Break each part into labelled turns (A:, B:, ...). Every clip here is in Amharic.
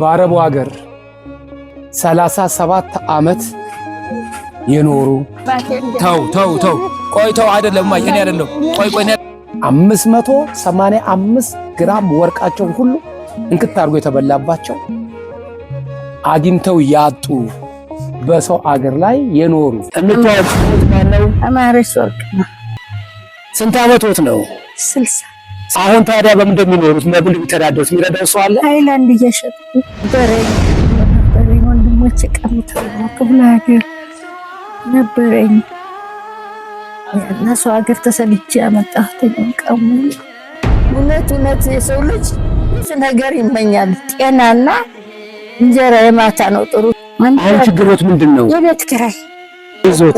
A: በአረቡ ሀገር 37 ሰባት ዓመት የኖሩ ተው ተው ተው ቆይ ተው አይደለም ማይ እኔ አይደለም ቆይ ቆይ 585 ግራም ወርቃቸው ሁሉ እንክት አድርጎ የተበላባቸው አግኝተው ያጡ በሰው አገር ላይ የኖሩ
B: እንታወቅ ነው። አማረሽ ወርቅ
A: ስንት ዓመቶት ነው? 60 አሁን ታዲያ በምን እንደሚኖሩት በምን እንደሚተዳደሩት የሚረዳው ሰው አለ?
B: ሃይላንድ እየሸጡ ነበረኝ ነበረኝ ወንድሞች ቀምተው ክፍለ ሀገር ነበረኝ እነሱ ሀገር ተሰልቼ ያመጣሁትን ቀሙ። እውነት እውነት የሰው ልጅ ብዙ ነገር ይመኛል። ጤናና እንጀራ የማታ ነው ጥሩ።
A: አሁን ችግሮት ምንድን
B: ነው? የቤት ኪራይ ይዞት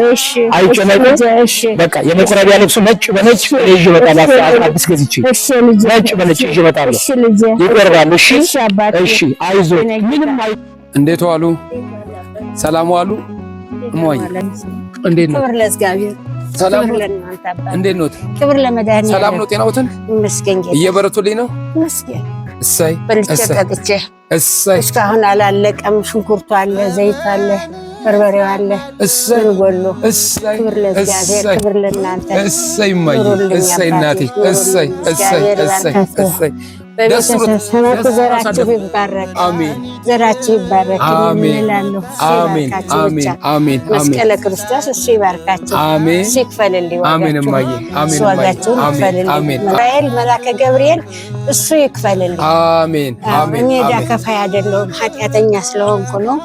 B: አይጨነቅም።
A: በቃ የመቁረቢያ ልብሱ ነጭ በነጭ ይዤ እመጣለሁ። አዲስ ገዝቼ ነጭ በነጭ ይዤ እመጣለሁ። ይቆርባል። እሺ፣ እሺ፣ አይዞት። እንዴት ዋሉ? ሰላም ዋሉ? እማዬ እንዴት ነው? ሰላም ነው። እንዴት ነው?
B: ክብር ለመድኃኒዓለም።
A: ሰላም ነው። ጤናዎትን ይመስገን። እየበረቱልኝ ነው። ይመስገን። እሰይ፣
B: እሰይ፣ እሰይ። እስካሁን አላለቀም። ሽንኩርቱ አለ፣ ዘይት አለ በርበሬው አለ። እሰይ ጎሎ፣ እሰይ ክብር ለእግዚአብሔር፣ ክብር ለእናንተ።
A: እሰይ እማዬ፣ እሰይ ዘራችሁ ይባረክ፣ ክርስቶስ እሱ ይባርካቸው፣
B: እሱ መላከ ገብርኤል እሱ ይክፈልልኝ።
A: አሜን።
B: እኔ ዕዳ ከፋይ አይደለሁም ኃጢአተኛ ስለሆንኩ ነው።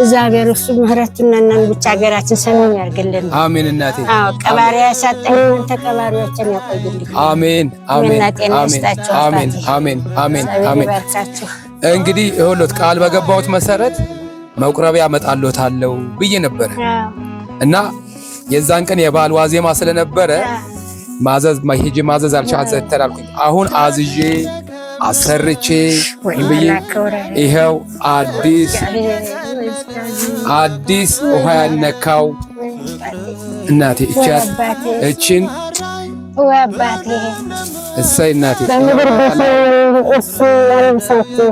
B: እግዚአብሔር እሱ ምህረቱን እናን ብቻ ሀገራችን ሰላም ያርግልን። አሜን። እናቴ አዎ ቀባሪ ያሳጠኝ እናንተ ቀባሪዎችን ያቆይልኝ።
A: አሜን። አሜን። አሜን። አሜን። አሜን። አሜን። አሜን። እንግዲህ ይኸውልዎት ቃል በገባሁት መሰረት መቁረቢያ እመጣልዎታለሁ ብዬ ነበረ እና የዛን ቀን የበዓል ዋዜማ ስለነበረ ማዘዝ ሄጄ ማዘዝ አልቻ ዘተር አሁን አዝዤ አሰርቼ ብዬ ይኸው አዲስ አዲስ ውሃ ያነካው እናቴ እችን እሰይ እናቴ
B: በምድር ቤት እሱ ያለብሳችሁ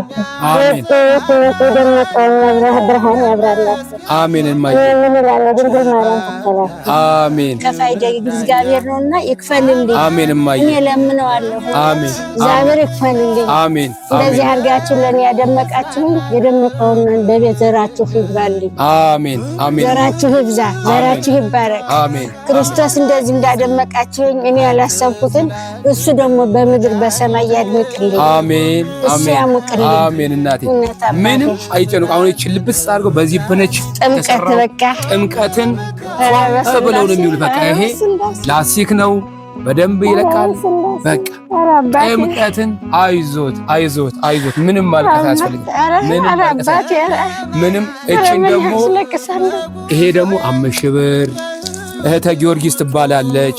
B: ብርሃን ያብራላት።
A: አሜን አሜን።
B: ከፋይ ደግ እግዚአብሔር ይክፈልልኝ። አሜን እኔ ለምነዋለሁ። አሜን እግዚአብሔር ይክፈልልኝ። አሜን እንደዚህ አድርጋችሁ ለእኔ የደመቀውን በቤት ዘራችሁ ይግባልኝ። አሜን አሜን። ዘራችሁ ይብዛ፣ ዘራችሁ ይባረክ። አሜን ክርስቶስ እንደዚህ እንዳደመቃችሁኝ እኔ ያላሰብኩትን እሱ ደግሞ ደግሞ በምድር በሰማይ ያድምቅልኝ። አሜን አሜን።
A: አሜን እናቴ ምንም አይጨንቁ። አሁን ይህቺን ልብስ አድርገው በዚህ በነች
B: ጥምቀት በቃ ጥምቀትን
A: ብለው ነው የሚውል። በቃ ይሄ ላሲክ ነው በደንብ ይለቃል። በቃ ጥምቀትን አይዞት አይዞት አይዞት። ምንም ማልቀስ አያስፈልግም። ምንም እችን ደግሞ ይሄ ደግሞ አምስት እህተ ጊዮርጊስ ትባላለች።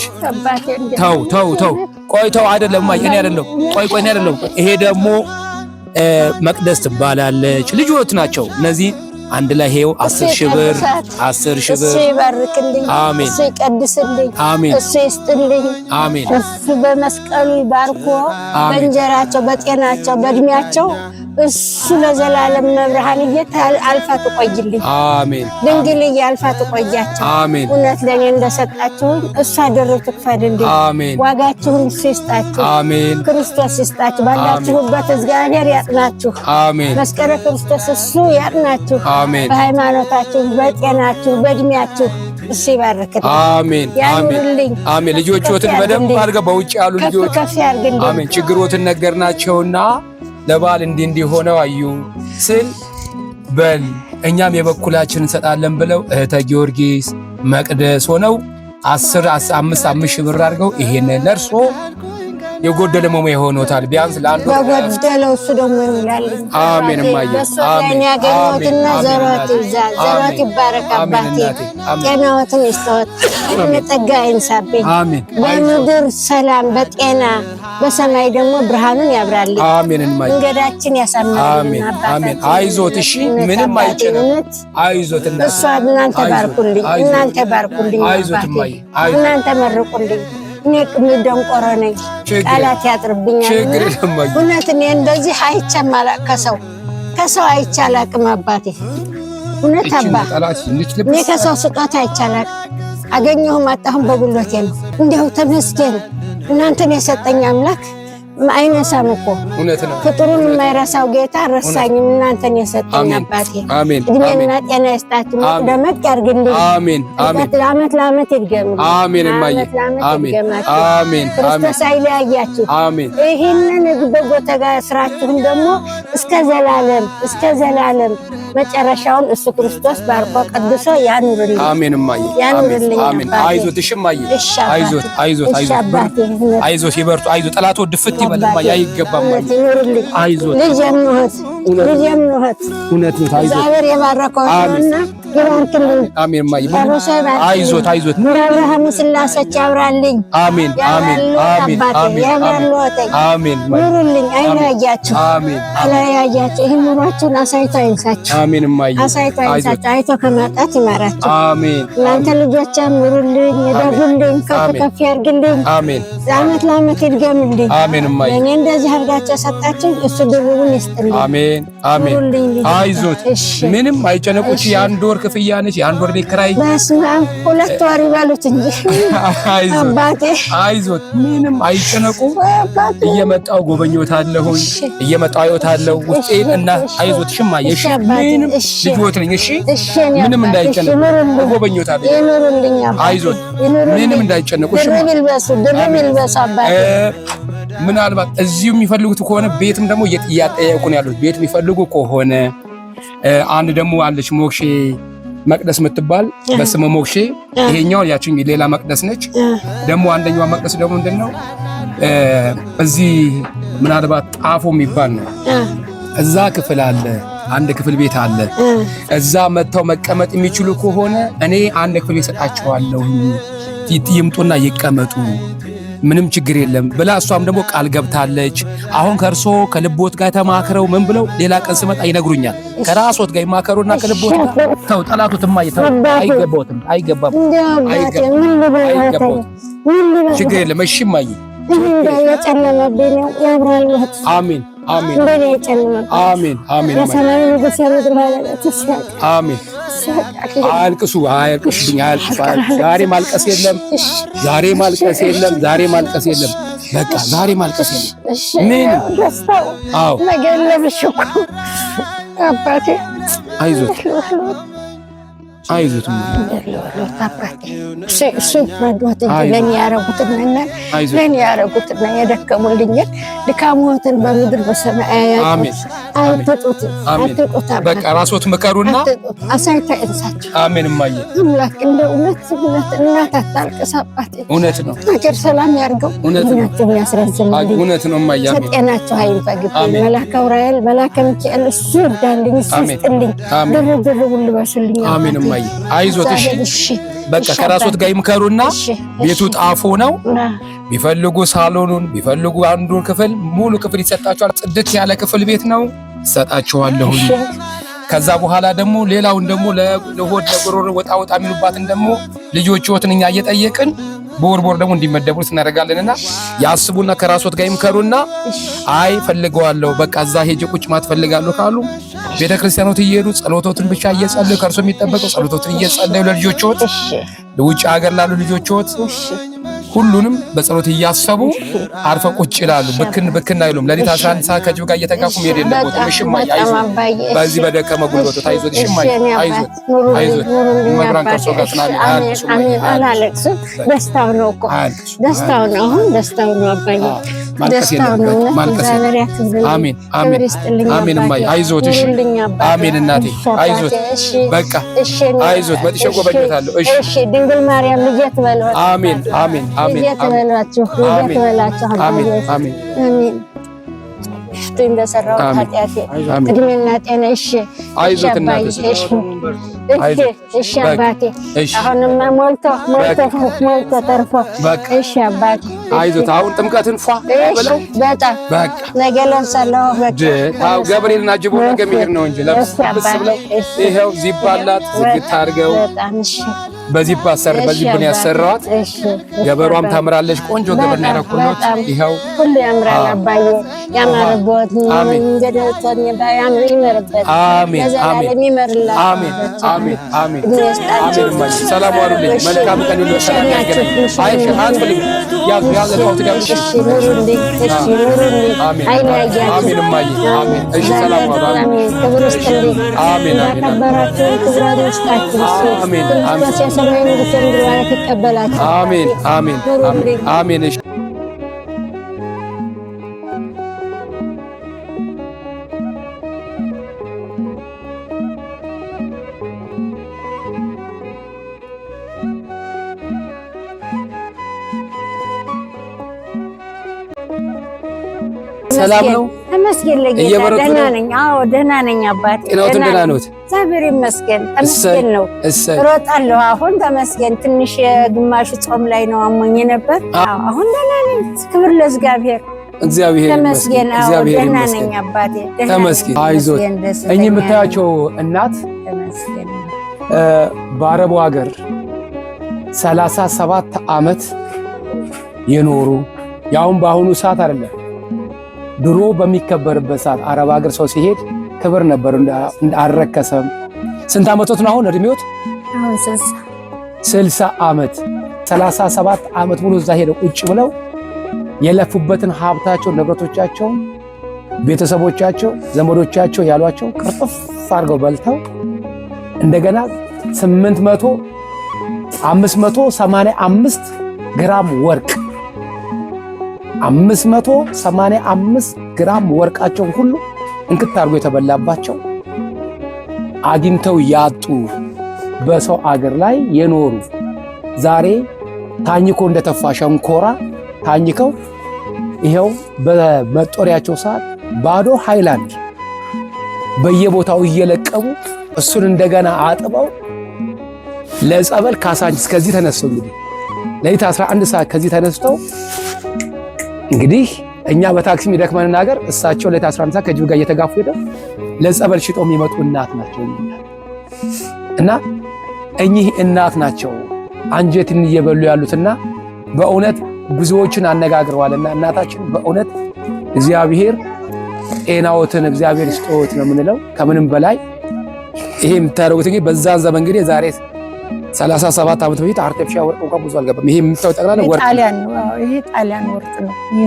A: ተው ተው ተው ቆይተው አይደለም ማይ እኔ አይደለም ቆይ ቆይ እኔ አይደለም። ይሄ ደግሞ መቅደስ ትባላለች። ልጆት ናቸው እነዚህ አንድ ላይ ሄው 10 ሺህ ብር 10 ሺህ ብር።
B: ይባርክልኝ፣ አሜን። እሱ ይቀድስልኝ፣ አሜን። እሱ ይስጥልኝ፣ አሜን። እሱ በመስቀሉ ይባርኮ በእንጀራቸው፣ በጤናቸው፣ በእድሜያቸው እሱ ለዘላለም መብርሃንዬ አልፋ ትቆይልኝ። አሜን። ድንግልዬ አልፋ ትቆያቸው። አሜን። እውነት ለእኔ እንደሰጣችሁን እሱ አደረ ትክፈልልኝ። አሜን። ዋጋችሁን እሱ ይስጣችሁ። አሜን። ክርስቶስ ይስጣችሁ። ባላችሁበት እግዚአብሔር ያጥናችሁ። አሜን። መስቀለ ክርስቶስ እሱ ያጥናችሁ። አሜን። በሃይማኖታችሁ፣ በጤናችሁ፣ በእድሜያችሁ እሱ ይባርክልኝ። አሜን። ያኑርልኝ።
A: አሜን። ልጆችዎትን በደንብ አድርገው በውጭ ያሉ ልጆች ከፍ ያርግልኝ። አሜን። ችግሮትን ነገርናቸውና ለበዓል እንዲህ እንዲህ ሆነው አዩ ስል በል እኛም የበኩላችን እንሰጣለን ብለው እህተ ጊዮርጊስ መቅደስ ሆነው አስር አምስት አምስት ሺህ ብር አድርገው ይሄን ለእርሶ የጎደለ መሞ የሆኖታል። ቢያንስ ለአንዱ
B: በጎደለው እሱ ደግሞ ይሙላል።
A: አሜን። እማዬ
B: ዘሮት ዘሮት ይባረክ። አባቴ ጤናዎትን ይስጠዎት፣ መጠጋ ይንሳብኝ። አሜን። በምድር ሰላም በጤና በሰማይ ደግሞ ብርሃኑን ያብራልኝ። አሜን። መንገዳችን
A: ያሳምርልን። አሜን። አይዞት፣ እሺ፣ ምንም አይጨነቅ። አይዞት እሺ
B: ምንም አይዞት እናንተ ባርኩልኝ፣ እናንተ ባርኩልኝ፣ እናንተ መርቁልኝ። እኔ የሚደንቆረ ነኝ፣ ቃላት ያጥርብኛል። እውነት እኔ እንደዚህ አይቻም አላውቅም፣ ከሰው ከሰው አይቼ አላውቅም። አባቴ እውነት አባ እኔ ከሰው ስጦታ አይቼ አላውቅም። አገኘሁም አጣሁም በጉልበቴ ነው። እንዲያው ተመስገን እናንተን የሰጠኝ አምላክ አይነሳም እኮ ፍቅሩን የማይረሳው ጌታ ረሳኝም እናንተን የሰጠኝ አባቴ አሜን። እድሜና ጤና ይስጣት። ደመቅ ያርግልኝ። አሜን አሜን። ለአመት ለአመት አሜን አሜን። አሜን ለአመት
A: ይድገማችሁ።
B: ክርስቶስ አይለያያችሁ። ይህንን በጎ ስራችሁን ደግሞ እስከ ዘላለም እስከ ዘላለም መጨረሻውን እሱ ክርስቶስ ባርኮ ቀድሶ ያኑርልኝ። አሜን። እማዬ ያኑርልኝ።
A: አሜን። አይዞት። እሺ እማዬ፣
B: አይዞት፣ አይዞት፣ አይዞት፣ አይዞት፣
A: ይበርቱ። አይዞት ጠላቶ ድፍት በልባ ያ ይገባል። አይዞት
B: ልጅ የምሆት ልጅ የምሆት እውነት ነው። እግዚአብሔር የባረከው ነውና
A: አሜን። አይዞት አይዞት፣
B: ብርሃኑ ስላሴች ያብራልኝ።
A: አሜን አሜን
B: አሜን አሜን አሜን። ኑሩልኝ፣ አይለያያችሁ፣ አይለያያችሁ። ይህ ኑሯችሁን አሳይቶ አይንሳችሁ። አሜን። እማዬ አሳይቶ አይንሳችሁ፣ አይቶ ከማጣት ይማራችሁ። አሜን። እናንተ ልጆች ኑሩልኝ፣ እደጉልኝ፣ ከፍ ከፍ ያርግልኝ። አሜን። ለአመት ለአመት ይድገምልኝ። አሜን። እማዬ እኔ እንደዚህ አድርጋችሁ ሰጣችሁ፣ እሱ ድርቡን ይስጥልኝ።
A: አሜን አሜን። አይዞት፣ ምንም አይጨነቁች። የአንድ ወር ክፍያ ነች፣ የአንድ ወር ቤት ኪራይ።
B: ሁለት ወር ይበሉት እንጂ
A: አባቴ አይዞት፣ ምንም አይጨነቁ። እየመጣው ጎበኞት አለሁኝ፣ እየመጣው እየመጣሁ አለሁ ውጤ እና አይዞት፣ ሽማ
B: የሽ ምንም ልጆት ነኝ። እሺ
A: ምንም እንዳይጨነቁ፣ ጎበኞት
B: ጎበኞታለሁ።
A: አይዞት፣ ምንም እንዳይጨነቁ።
B: ድርብ ይልበሱ፣ ድርብ ይልበሱ አባቴ
A: ምናልባት እዚሁ የሚፈልጉት ከሆነ ቤትም ደግሞ እያጠየቁ ነው ያሉት። ቤት የሚፈልጉ ከሆነ አንድ ደግሞ አለች ሞክሼ መቅደስ የምትባል በስመ ሞክሼ ይሄኛው ያችን ሌላ መቅደስ ነች። ደግሞ አንደኛዋ መቅደስ ደግሞ ምንድን ነው እዚህ ምናልባት ጣፎ የሚባል ነው። እዛ ክፍል አለ፣ አንድ ክፍል ቤት አለ። እዛ መጥተው መቀመጥ የሚችሉ ከሆነ እኔ አንድ ክፍል ይሰጣቸዋለሁ፣ ይምጡና ይቀመጡ ምንም ችግር የለም ብላ እሷም ደግሞ ቃል ገብታለች። አሁን ከእርሶ ከልቦት ጋር ተማክረው ምን ብለው ሌላ ቀን ስመጣ ይነግሩኛል። ከራሶት ጋር ይማከሩና ከልቦት ጋር ተው፣ ጠላቶት አይገባም፣ ችግር የለም እሺ። ማይ አሜን አሜን አሜን
B: አሜን
A: አሜን አያልቅሱ አያልቅሱብኝ አያልቅሱ። ዛሬ ማልቀስ የለም፣ ዛሬ ማልቀስ የለም፣ ዛሬ ማልቀስ የለም። በቃ ዛሬ ማልቀስ የለም። ምን ደስታው
B: ነገ ለብሽኩ አባቴ
A: አይዞት አይዞት
B: እሱ ረዷት እንጂ ለእኔ ያረጉትን ለእኔ ያረጉትን የደከሙልኝን ድካሞትን በምድር በሰማይ
A: ራስዎት ምከሩና
B: አሳይታ እንሳቸው። አሜን። እማዬ አምላክ እንደ እውነት እውነት እናት አታልቅስ አባቴ። እውነት ነው። ሀገር ሰላም ያርገው። እውነትነው ያስረዝምልኝ። እውነት ነው ሀገር ሰላም ያርገው ያስረዝምልኝ
A: እውነት ነው እማዬ
B: ጤናቸው መላከ ዑራኤል መላከ ሚካኤል እሱ እሱ ድርድር
A: አሜን እማዬ ሩታዬ አይዞት። እሺ በቃ ከራሶት ጋር ይምከሩና ቤቱ ጣፎ ነው። ቢፈልጉ ሳሎኑን ቢፈልጉ አንዱን ክፍል ሙሉ ክፍል ይሰጣቸዋል። ጽድት ያለ ክፍል ቤት ነው ይሰጣቸዋለሁ። ከዛ በኋላ ደግሞ ሌላውን ደግሞ ለሆድ ለጉሮሮ ወጣ ወጣ የሚሉባትን ደግሞ ልጆች ወትን እኛ እየጠየቅን በወር በወር ደግሞ እንዲመደቡ እናደርጋለንና ያስቡና ከራስዎት ጋር ይምከሩና አይ ፈልገዋለሁ በቃ እዛ ሄጄ ቁጭ ማት ፈልጋለሁ ካሉ ቤተ ክርስቲያኖት እየሄዱ ጸሎቶትን ብቻ እየጸለዩ ከእርሶ የሚጠበቀው ጸሎቶትን እየጸለዩ ለልጆችዎት ውጭ ሀገር ላሉ ልጆችዎት ሁሉንም በጸሎት እያሰቡ አርፈ ቁጭ ይላሉ። ብክን ብክን አይሉም። ለሊት 11 ሰዓት ከጅብ ጋር እየተጋፉ መሄድ የለበትም። በዚህ በደከመ ጉልበቱ ታይዞት፣ እሽማይ አይዞት፣ አይዞት። መብራን ከእርሶ ጋር ትናል።
B: አላለቅስም። ደስታው ነው እኮ ደስታው ነው። አሁን ደስታው ነው አባዬ ማልቀስ ማልቀስ
A: አሜን፣ እናቴ አይዞት፣ በቃ አይዞት። አሜን
B: ትበላችሁ አሁን
A: ጥምቀትን ፏ
B: በጣም ነገ ለብሳለሁ።
A: አዎ ነገ መሄድ ነው እንጂ ለብስ ብለው ይኸው ዚባላት ዝግት አድርገው በዚህ ባሰር በዚህ ብን ያሰራዋት ገበሯም ታምራለች። ቆንጆ ገበር ነው ይኸው
B: ሁሉ ያምራል። አባዬ ያማርቦት መንገድ
A: ሰላም ዋሉልኝ። መልካም ቀን
B: በሰማይ ንጉሥ የምድር ዋነት ይቀበላቸው።
A: አሜን አሜን አሜን። ሰላም ነው። ተመስገን። ለጌታ
B: ደህና ነኝ። አዎ ደህና ነኝ። አባት
A: ጤናዎትን ደህና ነዎት?
B: እግዚአብሔር ይመስገን ተመስገን ነው። ሮጣለሁ አሁን ተመስገን። ትንሽ የግማሹ ጾም ላይ ነው አሞኝ ነበር። አሁን ደህና ነኝ። ክብር ለእግዚአብሔር። እግዚአብሔር ይመስገን። እግዚአብሔር ይመስገን። አባቴ
A: ተመስገን። አይዞ እኚህ የምታያቸው እናት በአረቡ ሀገር ሰላሳ ሰባት ዓመት የኖሩ ያሁን በአሁኑ ሰዓት አይደለም ድሮ በሚከበርበት ሰዓት አረብ ሀገር ሰው ሲሄድ ክብር ነበር። አልረከሰም። ስንት ዓመቶት ነው አሁን እድሜዎት? ስልሳ ዓመት ሰላሳ ሰባት ዓመት ሙሉ እዛ ሄደው ቁጭ ብለው የለፉበትን ሀብታቸው፣ ንብረቶቻቸው፣ ቤተሰቦቻቸው፣ ዘመዶቻቸው ያሏቸው ቅርጥፍ አድርገው በልተው እንደገና ስምንት መቶ አምስት መቶ ሰማንያ አምስት ግራም ወርቅ አምስት መቶ ሰማንያ አምስት ግራም ወርቃቸውን ሁሉ እንክት አድርጎ የተበላባቸው አግኝተው ያጡ በሰው አገር ላይ የኖሩ ዛሬ ታኝኮ እንደተፋ ሸንኮራ ታኝከው ይኸው በመጦሪያቸው ሰዓት ባዶ ሃይላንድ በየቦታው እየለቀሙ እሱን እንደገና አጥበው ለጸበል ካሳንችስ ከዚህ ተነስተው እንግዲህ ሌሊት 11 ሰዓት ከዚህ ተነስተው እንግዲህ እኛ በታክሲ የሚደክመንን ሀገር እሳቸው ሌት 11 ሰዓት ከጅብ ጋር እየተጋፉ ሄደ ለጸበል ሽጦ የሚመጡ እናት ናቸው። እና እኚህ እናት ናቸው አንጀትን እየበሉ ያሉትና በእውነት ብዙዎችን አነጋግረዋልና እናታችን በእውነት እግዚአብሔር ጤናዎትን እግዚአብሔር ስጦት ነው የምንለው ከምንም በላይ ይሄ የምታደርጉት እንግዲህ በዛን ዘመን እንግዲህ ዛሬ 37 ዓመት በፊት አርቴፊሻል ወርቅ እንኳን ብዙ አልገባም። ይሄ የምታዩት ጠቅላላ ወርቅ
B: ነው። ይሄ ጣሊያን ወርቅ ነው። ይሄ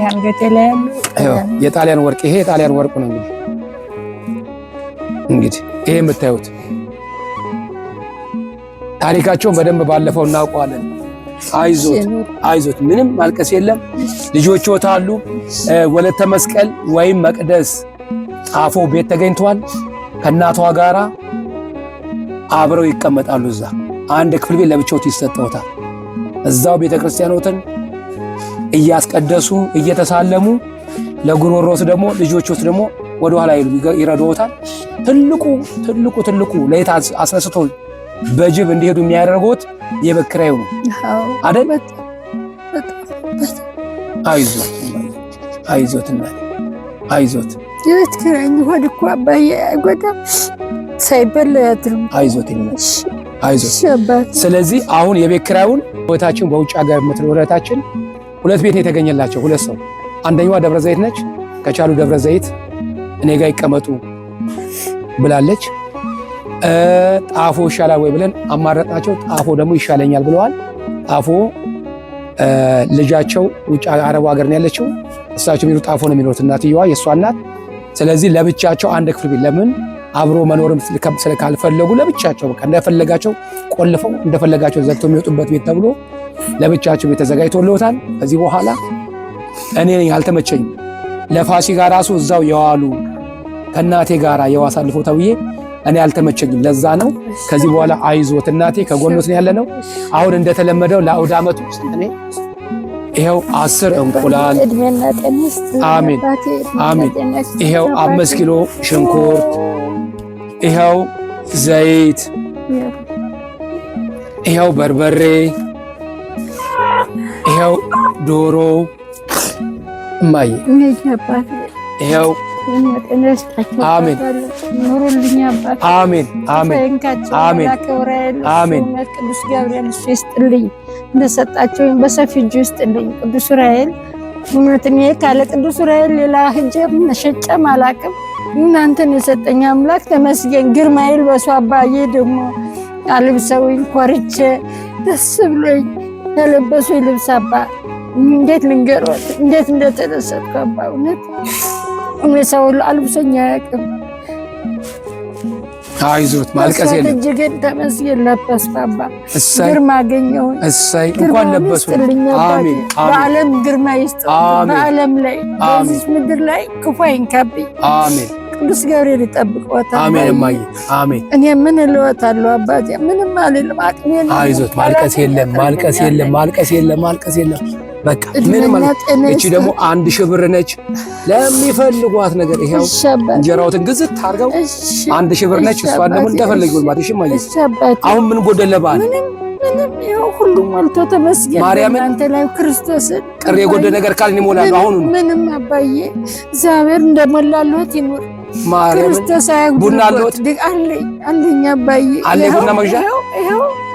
A: የጣሊያን ወርቅ ነው። እንግዲህ እንግዲህ ይሄ የምታዩት ታሪካቸውን በደንብ ባለፈው እናውቀዋለን። አይዞት አይዞት፣ ምንም ማልቀስ የለም። ልጆችዎት አሉ። ወለተ መስቀል ወይም መቅደስ ጣፎ ቤት ተገኝቷል። ከእናቷ ጋራ አብረው ይቀመጣሉ እዛ አንድ ክፍል ቤት ለብቻዎት ይሰጠውታል። እዛው ቤተ ክርስቲያኖትን እያስቀደሱ እየተሳለሙ ለጉሮሮስ ደግሞ ልጆቹስ ደግሞ ወደ ኋላ ይሉ ይረዶታል። ትልቁ ትልቁ ትልቁ ለየት አስነስቶ በጅብ እንዲሄዱ የሚያደርጉት የበክራዩ ነው አይደል? አይዞት አይዞት እናት አይዞት።
B: የቤት ኪራይ ሆድ እኮ አባዬ አይጎዳም፣ ሳይበል ያድርም።
A: አይዞት ይመሽ አይዞሽ። ስለዚህ አሁን የቤት ኪራዩን በውጭ ሀገር የምትኖር ሁለት ቤት ነው የተገኘላቸው፣ ሁለት ሰው። አንደኛዋ ደብረ ዘይት ነች። ከቻሉ ደብረ ዘይት እኔ ጋር ይቀመጡ ብላለች። ጣፎ ይሻላል ወይ ብለን አማረጥናቸው። ጣፎ ደግሞ ይሻለኛል ብለዋል። ጣፎ ልጃቸው ውጭ አረቡ ሀገር ነው ያለችው። እሳቸው የሚኖሩ ጣፎ ነው የሚኖሩት እናትየዋ፣ የእሷ እናት። ስለዚህ ለብቻቸው አንድ ክፍል ቤት ለምን አብሮ መኖርም ስለካልፈለጉ ለብቻቸው በቃ እንደፈለጋቸው ቆልፈው እንደፈለጋቸው ዘግተው የሚወጡበት ቤት ተብሎ ለብቻቸው ቤት ተዘጋጅቶለታል። ከዚህ በኋላ እኔ ነኝ አልተመቸኝም። ለፋሲካ ራሱ እዛው የዋሉ ከእናቴ ጋር የዋ አሳልፎ ተብዬ እኔ አልተመቸኝም። ለዛ ነው ከዚህ በኋላ አይዞት እናቴ ከጎኖት ነው ያለ ነው። አሁን እንደተለመደው ለአውድ ዓመቱ እኔ ይኸው አስር እንቁላል አሜን አሜን፣ ይኸው አምስት ኪሎ ሽንኩርት ይኸው ዘይት፣ ይኸው በርበሬ፣ ይኸው ዶሮ እማዬ፣ አሜን አሜን
B: አሜን ቅዱስ ገብርኤል እሱ ይስጥልኝ፣ እንደሰጣቸው በሰፊ እጁ ይስጥልኝ። ቅዱስ ራኤል እውነት እኔ ካለ ቅዱስ ሌላ መሸጨም አላቅም እናንተን የሰጠኝ አምላክ ተመስገን። ግርማ ይልበሱ አባዬ ደግሞ አልብሰውኝ ኮርቼ ደስ ብሎኝ ተለበሱ ልብስ አባ እንዴት ልንገሮት እንዴት እንደተደሰትኩ አባ። እውነት እኔ ሰው አልብሰኝ አያውቅም።
A: አይዞት ማልቀስ
B: የለም። እጅግን ተመስገን ለበስኩ አባ። ግርማ አገኘሁኝ።
A: እሳይ እንኳን ለበሱ። አሜን።
B: በዓለም ግርማ ይስጥ። በዓለም ላይ በዚህ ምድር ላይ ክፉ አይንካብኝ። አሜን። ቅዱስ ገብርኤል ይጠብቅዎታል።
A: አሜን እማዬ አሜን።
B: እኔ ምን እልዎታለሁ አባቴ? ምንም አልልም። አቅሜ
A: አይዞት። ማልቀስ የለም ማልቀስ የለም ማልቀስ የለም ማልቀስ የለም። በቃ ምን ማለት እቺ ደግሞ አንድ ሺህ ብር ነች። ለሚፈልጓት ነገር ይሄው እንጀራውትን ግዝት ታርገው አንድ ሺህ ብር ነች። እሷ ደግሞ እንደፈለጊው ማለት እሺ። እማዬ አሁን ምን ጎደለ ባል
B: ምንም ይኸው ሁሉ ሞልቶ ተመስገን። ማርያም አንተ ላይ ክርስቶስን
A: ቅር የጎደለ ነገር ካልን ይሞላሉ። አሁኑኑ ምንም
B: አባዬ እግዚአብሔር እንደሞላልዎት ይኖር። ማርያም ቡና አለሁት አለኝ አባዬ
A: አለኝ ቡና መግዣ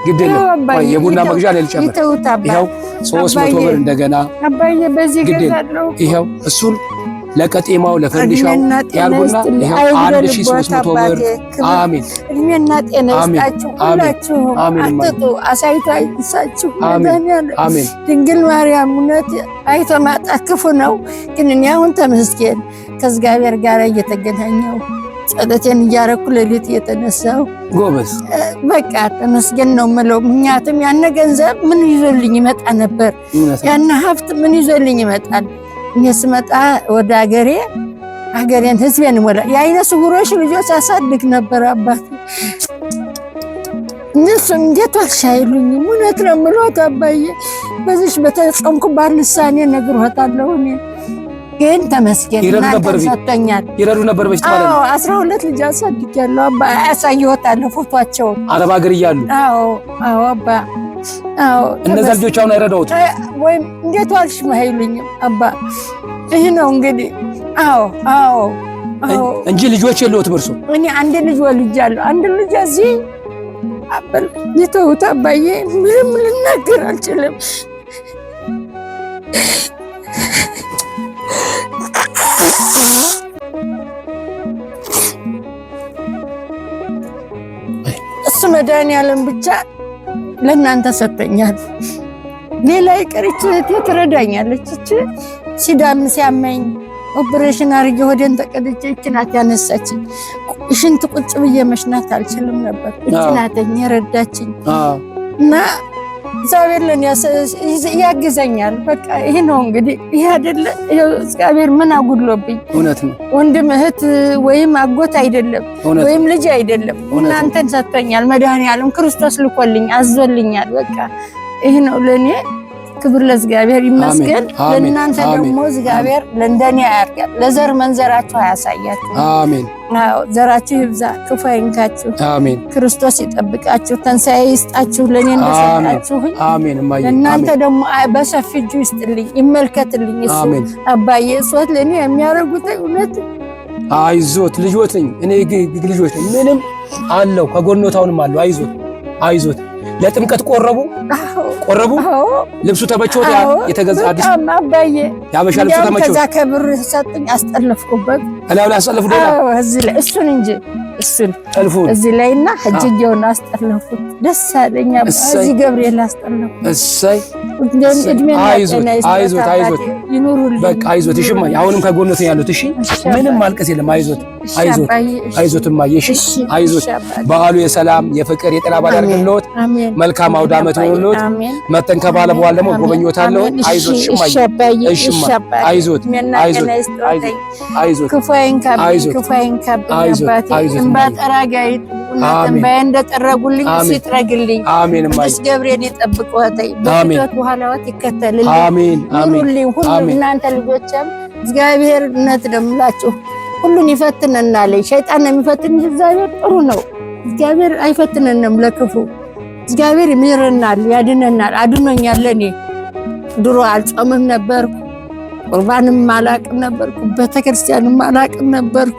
A: ግድ የለም የቡና መግዣ ላይ ልጨምር ይኸው ሦስት መቶ ብር እንደገና
B: አባዬ በዚህ
A: ይኸው እሱን ለቀጤማው ለፈንዲሻው ያልኩና ይሄው 1300 ብር አሜን።
B: እድሜና ጤና ይስጣችሁ ሁላችሁ። አትጡ አሳይቶ አይንሳችሁ። አሜን። ድንግል ማርያም እውነት አይቶ ማጣት ክፉ ነው፣ ግን እኔ አሁን ተመስገን ከእግዚአብሔር ጋር እየተገናኘው ጸሎቴን እያረኩ ሌሊት እየተነሳው ጎበዝ በቃ ተመስገን ነው ምለው። ምክንያቱም ያነ ገንዘብ ምን ይዞልኝ ይመጣ ነበር? ያነ ሀብት ምን ይዞልኝ ይመጣል? እኔ ስመጣ ወደ ሀገሬ ሀገሬን ህዝቤን ወላ የአይነ ስውሮች ልጆች አሳድግ ነበር አባት። እነሱም እንዴት ዋልሽ አይሉኝም። እውነት ነው የምልዎት አባዬ፣ በዚች በተጸንኩባት ልሳኔ እነግርዎታለሁ። እኔ ግን ተመስገን
A: ሰጥቶኛል። ይረዱ ነበር በሽ
B: አስራ ሁለት ልጅ አሳድግ ያለው አባ፣ አሳይዎታለሁ ፎቷቸውን
A: አረብ ሀገር እያሉ።
B: አዎ አዎ አባ
A: እነዛ ልጆች አሁን አይረዳውት
B: ወይም እንዴት ዋልሽ አይሉኝም። አባ ይህ ነው እንግዲህ። አዎ አዎ
A: እንጂ ልጆች የለውት እርሱ። እኔ
B: አንድ ልጅ ወልጃለሁ። አንድ ልጅ እዚህ የተውት አባዬ፣ ምንም ልናገር አልችልም። እሱ መድኃኒዓለም ብቻ ለእናንተ ሰጥተኛል። ሌላ ይቅር ይህች እህቴ ትረዳኛለች። ይህች ሲዳም ሲያመኝ ኦፕሬሽን አርጌ ሆዴን ተቀድቼ እችናት ያነሳችኝ። ሽንት ቁጭ ብዬ መሽናት አልችልም ነበር። እችናተኝ ናት የረዳችኝ እና እግዚአብሔር ለእኔ ያግዘኛል። በቃ ይህ ነው እንግዲህ ይህ አይደለ እግዚአብሔር ምን አጉድሎብኝ? እውነት ነው ወንድም እህት ወይም አጎት አይደለም ወይም ልጅ አይደለም። እናንተን ሰጥቶኛል። መድኃኔ ዓለም ክርስቶስ ልኮልኝ አዞልኛል። በቃ ይህ ነው ለእኔ ክብር ለእግዚአብሔር ይመስገን። ለእናንተ ደግሞ እግዚአብሔር ለእንደኔ አያርጋል። ለዘር መንዘራችሁ አያሳያችሁ። አሜን። አዎ ዘራችሁ ይብዛ፣ ክፉ አይንካችሁ። አሜን። ክርስቶስ ይጠብቃችሁ፣ ትንሣኤ ይስጣችሁ። ለእኔ እንደሰጣችሁኝ ለእናንተ ደግሞ በሰፊ እጁ ይስጥልኝ፣ ይመልከትልኝ። እሱ አባዬ እሶት ለእኔ የሚያደርጉት እውነት
A: አይዞት ልጆት ነኝ እኔ ልጆት ምንም አለው ከጎኖታውንም አለው አይዞት አይዞት ለጥምቀት ቆረቡ ቆረቡ። ልብሱ ተመቾት የተገዛ አዲስ አባዬ ያበሻ ልብሱ
B: ተመቾት። ከዛ ከብር ሰጡኝ አስጠለፍኩበት። ከላዩ አስጠለፉ እሱን እንጂ እሱን ጠልፉን እዚህ ላይና እጅጌውን አስጠለፉት። ደስ አለኝ። እዚህ ገብርኤል አስጠለፉ።
A: እሰይ አይዞት አይዞት
B: ይኑሩልኝ። በቃ
A: አይዞት። እሺ እማዬ አሁንም ከጎነት ያሉት እሺ፣ ምንም ማልቀስ የለም። አይዞት አይዞት አይዞት እማዬ እሺ አይዞት። በዓሉ የሰላም የፍቅር የጤና ባል ያድርግልዎት። መልካም አውደ ዓመት ሆኖት መተን ከባለ በኋላ ደግሞ ጎበኞታለሁ። አይዞት አይዞት አይዞት አይዞት አይዞት አሜን
B: ገብርኤል ይከተልልኝ። አሜን አሜን። ሁሉ እናንተ እግዚአብሔር እውነት ነው የምላችሁ ሁሉን ይፈትነናል። ሸይጣን ነው የሚፈትን፣ እግዚአብሔር ጥሩ ነው። እግዚአብሔር አይፈትነንም ለክፉ እግዚአብሔር ይምረናል፣ ያድነናል፣ አድኖኛል። እኔ ድሮ አልጾምም ነበርኩ፣ ቁርባንም አላቅም ነበርኩ፣ ቤተክርስቲያንም አላቅም ነበርኩ።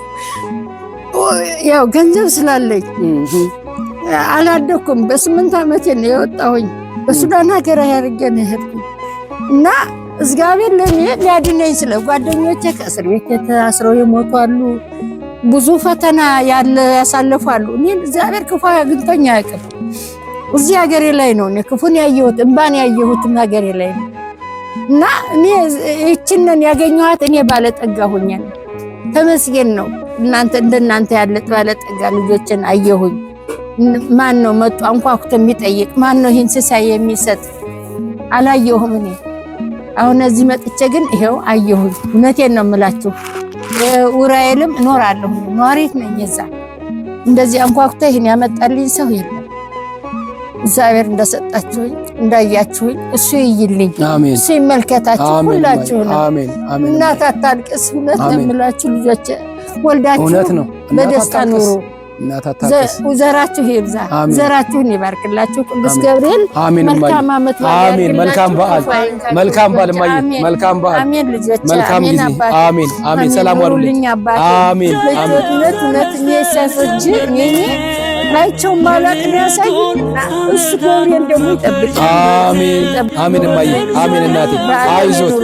B: ያው ገንዘብ ስላለኝ አላደኩም። በስምንት ዓመቴ ነው የወጣሁኝ። በሱዳን ሀገር ያርጌ ነው እና እግዚአብሔር ለኔ ሊያድነኝ ስለ ጓደኞቼ ከእስር ቤት የተአስረው የሞቱ አሉ። ብዙ ፈተና ያለ ያሳለፋሉ። እኔን እግዚአብሔር ክፉ አግኝቶኝ አያውቅም። እዚህ ሀገሬ ላይ ነው ክፉን ያየሁት እንባን ያየሁትም ሀገሬ ላይ ነው እና እኔ ይችንን ያገኘኋት እኔ ባለጠጋ ሆኜ ነው። ተመስገን ነው። እናንተ እንደናንተ ያለ ባለጠጋ ልጆችን አየሁኝ። ማን ነው መጡ አንኳኩቶ የሚጠይቅ? ማን ነው ይህን ስሳይ የሚሰጥ? አላየሁም እኔ አሁን እዚህ መጥቼ ግን ይሄው አየሁኝ። እውነቴን ነው የምላችሁ። ውራኤልም እኖራለሁ ነዋሪት ነኝ። እዛ እንደዚህ አንኳኩቶ ይህን ያመጣልኝ ሰው የለም። እግዚአብሔር እንደሰጣችሁኝ እንዳያችሁኝ እሱ ይይልኝ እሱ ይመልከታችሁ። ሁላችሁ ነው። እናት አታልቅስ። እውነት ነው የምላችሁ ልጆች ወልዳችሁ በደስታ ኑሩ። ዘራችሁ ይብዛ፣ ዘራችሁን ይባርክላችሁ። ቅዱስ ገብርኤል
A: መልካም ዓመት ባል፣ መልካም በዓል፣ መልካም በዓል፣ መልካም በዓል። አሜን ልጆች፣ መልካም ጊዜ። አሜን፣ አሜን። ሰላም ዋሉልኝ አባቴ። አሜን፣ አሜን።
B: እውነት እውነት እኔ ሰሶች እኔ ላይቸው ማላቅ የሚያሳይ እሱ ገብርኤል ደግሞ ይጠብቅ።
A: አሜን አሜን። እማዬ አሜን። እናቴ አይዞት።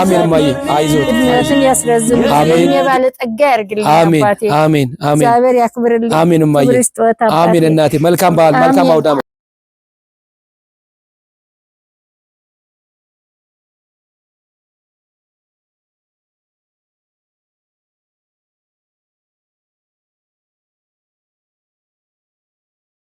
A: አሜን እማዬ አይዞት።
B: እድሜያትን ያስረዝም። አሜን። ባለጠጋ ያርግልኝ።
A: አሜን አሜን አሜን። እግዚአብሔር ያክብርልኝ። አሜን እማዬ አሜን። እናቴ መልካም በዓል፣ መልካም አውዳማ